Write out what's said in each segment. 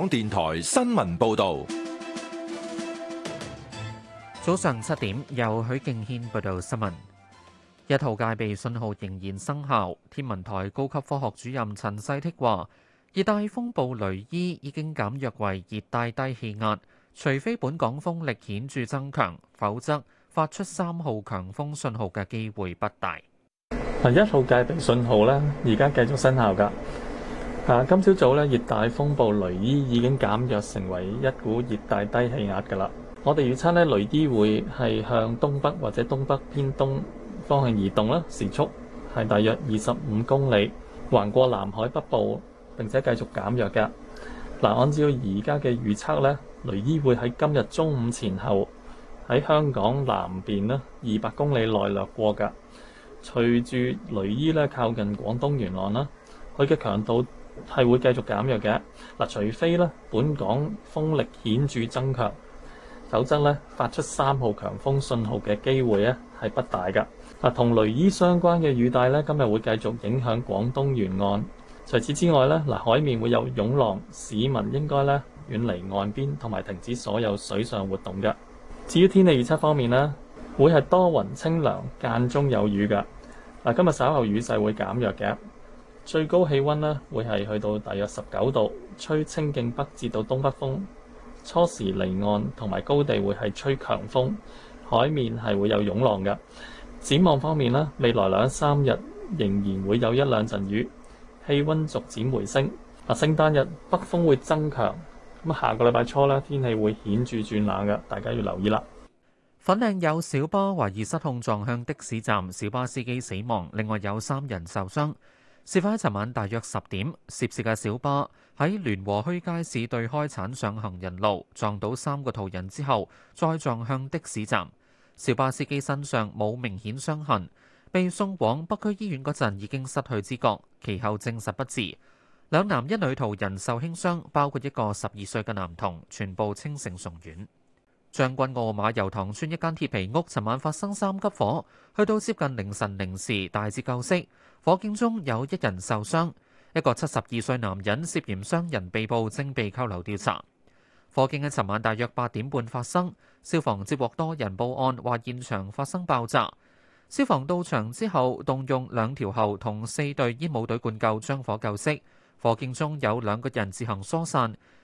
港電台新聞報道，早上七點由許敬軒報道新聞。一號戒備信號仍然生效。天文台高級科學主任陳世剔話，熱帶風暴雷伊已經減弱為熱帶低氣壓，除非本港風力顯著增強，否則發出三號強風信號嘅機會不大。啊，一號戒備信號呢，而家繼續生效噶。啊！今朝早咧，熱帶風暴雷伊已經減弱成為一股熱帶低氣壓噶啦。我哋預測咧，雷伊會係向東北或者東北偏東方向移動啦，時速係大約二十五公里，橫過南海北部，並且繼續減弱噶。嗱、啊，按照而家嘅預測咧，雷伊會喺今日中午前後喺香港南邊啦，二百公里內掠過噶。隨住雷伊咧靠近廣東沿岸啦，佢嘅強度，係會繼續減弱嘅。嗱，除非咧本港風力顯著增強，否則咧發出三號強風信號嘅機會咧係不大㗎。嗱，同雷伊相關嘅雨帶咧，今日會繼續影響廣東沿岸。除此之外咧，嗱，海面會有湧浪，市民應該咧遠離岸邊同埋停止所有水上活動嘅。至於天氣預測方面呢，會係多雲清涼，間中有雨㗎。嗱，今日稍後雨勢會減弱嘅。最高氣温呢，會係去到大約十九度，吹清勁北至到東北風。初時離岸同埋高地會係吹強風，海面係會有湧浪嘅。展望方面呢，未來兩三日仍然會有一兩陣雨，氣温逐漸回升。啊，聖誕日北風會增強，咁下個禮拜初呢，天氣會顯著轉冷嘅，大家要留意啦。粉嶺有小巴懷疑失控撞向的士站，小巴司機死亡，另外有三人受傷。事發喺尋晚大約十點，涉事嘅小巴喺聯和墟街市對開鏟上行人路，撞到三個途人之後，再撞向的士站。小巴司機身上冇明顯傷痕，被送往北區醫院嗰陣已經失去知覺，其後證實不治。兩男一女途人受輕傷，包括一個十二歲嘅男童，全部清醒送院。將軍澳馬油塘村一間鐵皮屋，尋晚發生三級火，去到接近凌晨零時大致救熄。火警中有一人受傷，一個七十二歲男人涉嫌傷人被捕，正被扣留調查。火警喺尋晚大約八點半發生，消防接獲多人報案，話現場發生爆炸。消防到場之後，動用兩條喉同四隊煙霧隊灌救，將火救熄。火警中有兩個人自行疏散。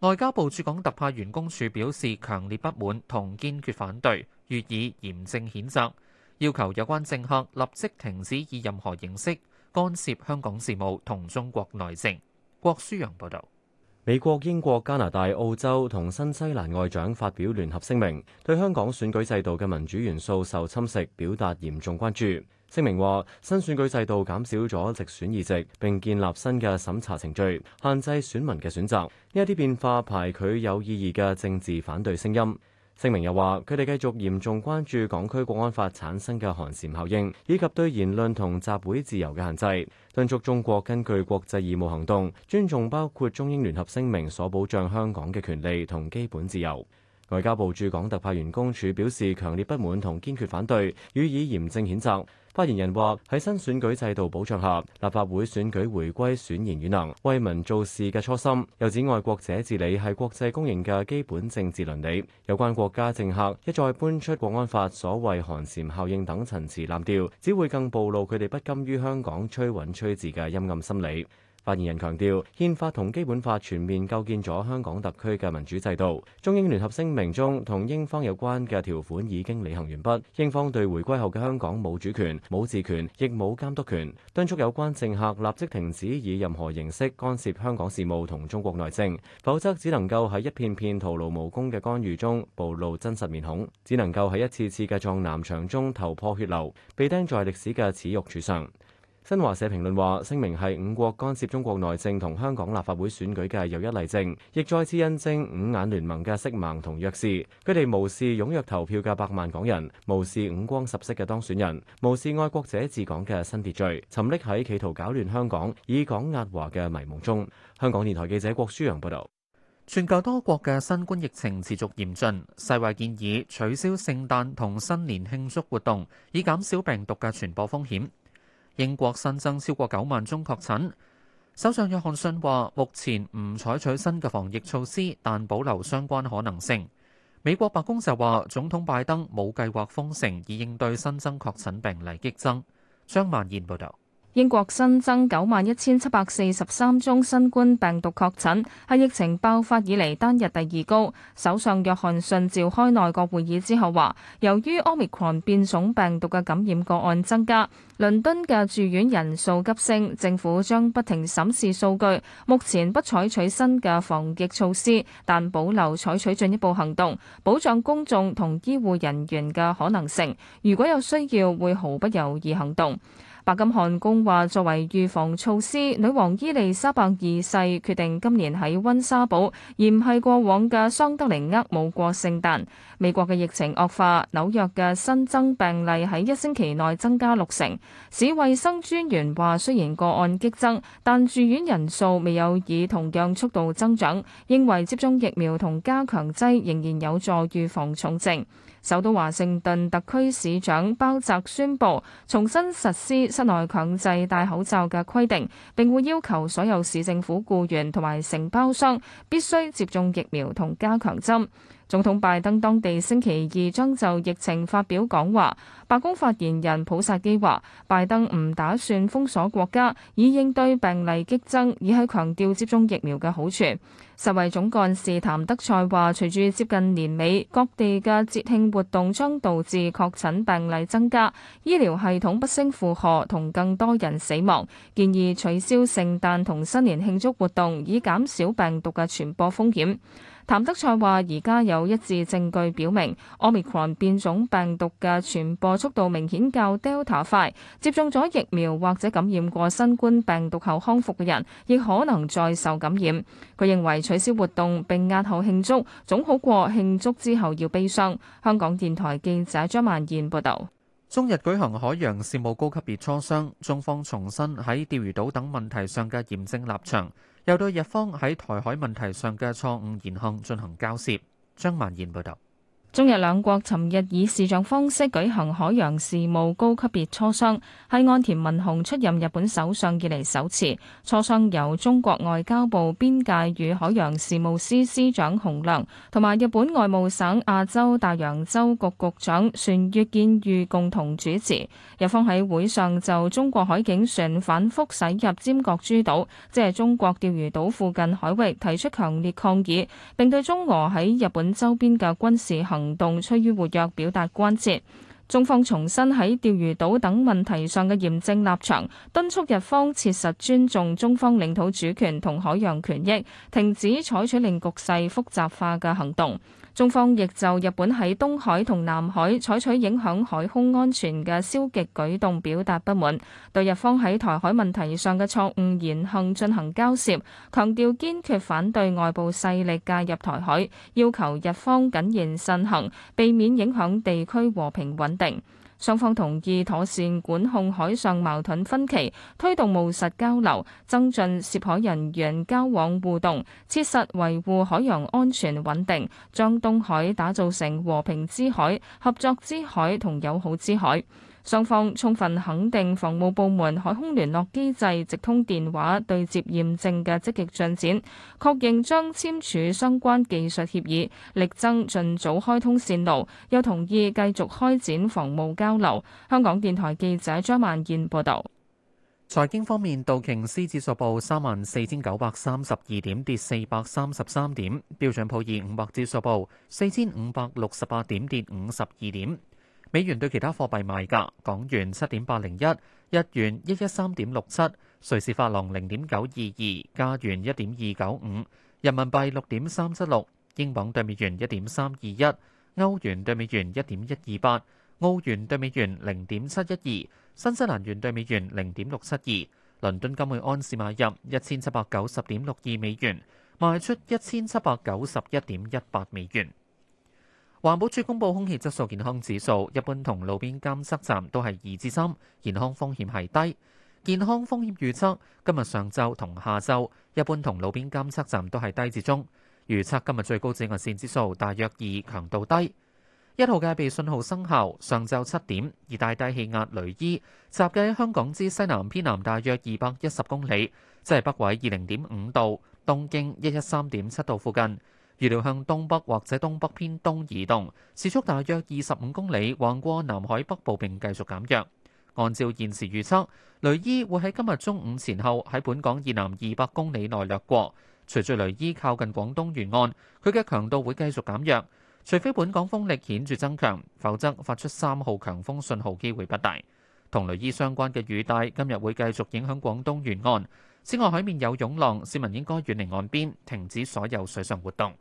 外交部駐港特派員公署表示強烈不滿同堅決反對，予以嚴正譴責，要求有關政客立即停止以任何形式干涉香港事務同中國內政。郭書陽報道。美國、英國、加拿大、澳洲同新西蘭外長發表聯合聲明，對香港選舉制度嘅民主元素受侵蝕，表達嚴重關注。聲明話，新選舉制度減少咗直選議席，並建立新嘅審查程序，限制選民嘅選擇。呢一啲變化排拒有意義嘅政治反對聲音。聲明又話：佢哋繼續嚴重關注港區《國安法》產生嘅寒蟬效應，以及對言論同集會自由嘅限制，敦促中國根據國際義務行動，尊重包括《中英聯合聲明》所保障香港嘅權利同基本自由。外交部駐港特派員公署表示強烈不滿同堅決反對，予以嚴正譴責。發言人話：喺新選舉制度保障下，立法會選舉回歸選賢與能、為民做事嘅初心。又指外國者治理係國際公認嘅基本政治倫理。有關國家政客一再搬出《國安法》所謂寒蟬效應等陳詞濫調，只會更暴露佢哋不甘於香港吹穩吹治嘅陰暗心理。發言人強調，憲法同基本法全面構建咗香港特區嘅民主制度。中英聯合聲明中同英方有關嘅條款已經履行完畢，英方對回歸後嘅香港冇主權、冇治權，亦冇監督權。敦促有關政客立即停止以任何形式干涉香港事務同中國內政，否則只能夠喺一片片徒勞無功嘅干預中暴露真實面孔，只能夠喺一次次嘅撞南牆中頭破血流，被釘在歷史嘅恥辱柱上。新華社評論話：聲明係五國干涉中國內政同香港立法會選舉嘅又一例證，亦再次印證五眼聯盟嘅色盲同弱視。佢哋無視踴躍投票嘅百萬港人，無視五光十色嘅當選人，無視愛國者治港嘅新秩序，沉溺喺企圖搞亂香港、以港壓華嘅迷夢中。香港電台記者郭書洋報導，全球多國嘅新冠疫情持續嚴峻，世衛建議取消聖誕同新年慶祝活動，以減少病毒嘅傳播風險。英國新增超過九萬宗確診，首相約翰遜話，目前唔採取新嘅防疫措施，但保留相關可能性。美國白宮就話，總統拜登冇計劃封城，以應對新增確診病例激增。張萬燕報導。英國新增九萬一千七百四十三宗新冠病毒確診，係疫情爆發以嚟單日第二高。首相約翰遜召開內閣會議之後話，由於 Omicron 變種病毒嘅感染個案增加，倫敦嘅住院人數急升，政府將不停審視數據，目前不採取新嘅防疫措施，但保留採取進一步行動，保障公眾同醫護人員嘅可能性。如果有需要，會毫不猶豫行動。白金漢宮話，作為預防措施，女王伊麗莎白二世決定今年喺溫莎堡，而唔係過往嘅桑德靈厄姆過聖誕。美國嘅疫情惡化，紐約嘅新增病例喺一星期內增加六成。市衛生專員話：雖然個案激增，但住院人數未有以同樣速度增長，認為接種疫苗同加強劑仍然有助預防重症。首都華盛頓特區市長鮑澤宣布重新實施室內強制戴口罩嘅規定，並會要求所有市政府雇員同埋承包商必須接種疫苗同加強針。總統拜登當地星期二將就疫情發表講話。白宮發言人普薩基話：拜登唔打算封鎖國家，以應對病例激增，而係強調接種疫苗嘅好處。世衛總幹事譚德塞話：隨住接近年尾，各地嘅節慶活動將導致確診病例增加，醫療系統不勝負荷同更多人死亡，建議取消聖誕同新年慶祝活動，以減少病毒嘅傳播風險。譚德塞話：而家有一致證據表明，omicron 變種病毒嘅傳播速度明顯較 delta 快。接種咗疫苗或者感染過新冠病毒後康復嘅人，亦可能再受感染。佢認為取消活動並押後慶祝，總好過慶祝之後要悲傷。香港電台記者張萬燕報道。中日舉行海洋事務高級別磋商，中方重申喺釣魚島等問題上嘅嚴正立場。又對日方喺台海問題上嘅錯誤言行進行交涉。張萬賢報道。中日兩國尋日以視像方式舉行海洋事務高級別磋商，係岸田文雄出任日本首相以嚟首次磋商，由中國外交部邊界與海洋事務司司長洪亮同埋日本外務省亞洲大洋洲局局長船越健裕共同主持。日方喺會上就中國海警船反覆駛入尖閣諸島，即係中國釣魚島附近海域，提出強烈抗議，並對中俄喺日本周邊嘅軍事行行動趨於活躍，表達關切。中方重申喺釣魚島等問題上嘅嚴正立場，敦促日方切實尊重中方領土主權同海洋權益，停止採取令局勢複雜化嘅行動。中方亦就日本喺東海同南海採取影響海空安全嘅消極舉動表達不滿，對日方喺台海問題上嘅錯誤言行進行交涉，強調堅決反對外部勢力介入台海，要求日方謹言慎行，避免影響地區和平穩定。雙方同意妥善管控海上矛盾分歧，推動務實交流，增進涉海人員交往互動，切實維護海洋安全穩定，將東海打造成和平之海、合作之海同友好之海。雙方充分肯定防務部門海空聯絡機制直通電話對接驗證嘅積極進展，確認將簽署相關技術協議，力爭盡早開通線路，又同意繼續開展防務交流。香港電台記者張萬燕報導。財經方面，道瓊斯指數報三萬四千九百三十二點，跌四百三十三點；標準普爾五百指數報四千五百六十八點，跌五十二點。美元對其他貨幣賣價：港元七點八零一，日元一一三點六七，瑞士法郎零點九二二，加元一點二九五，人民幣六點三七六，英鎊對美元一點三二一，歐元對美元一點一二八，澳元對美元零點七一二，新西蘭元對美元零點六七二。倫敦金每安士買入一千七百九十點六二美元，賣出一千七百九十一點一八美元。環保署公布空氣質素健康指數，一般同路邊監測站都係二至三，健康風險係低。健康風險預測今日上晝同下晝，一般同路邊監測站都係低至中。預測今日最高紫外線指數大約二，強度低。一號戒備信號生效，上晝七點，熱帶低氣壓雷伊襲擊香港之西南偏南大約二百一十公里，即係北緯二零點五度，東經一一三點七度附近。預料向東北或者東北偏東移動，時速大約二十五公里，橫過南海北部並繼續減弱。按照現時預測，雷伊會喺今日中午前後喺本港以南二百公里內掠過。隨住雷伊靠近廣東沿岸，佢嘅強度會繼續減弱，除非本港風力顯著增強，否則發出三號強風信號機會不大。同雷伊相關嘅雨帶今日會繼續影響廣東沿岸。此外，海面有湧浪，市民應該遠離岸邊，停止所有水上活動。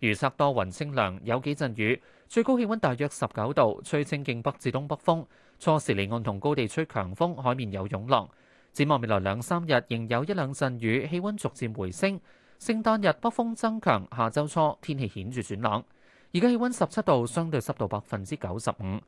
預測多雲清涼，有幾陣雨，最高氣溫大約十九度，吹清勁北至東北風，初時離岸同高地吹強風，海面有湧浪。展望未來兩三日，仍有一兩陣雨，氣溫逐漸回升。聖誕日北風增強，下周初天氣顯著轉冷。而家氣溫十七度，相對濕度百分之九十五。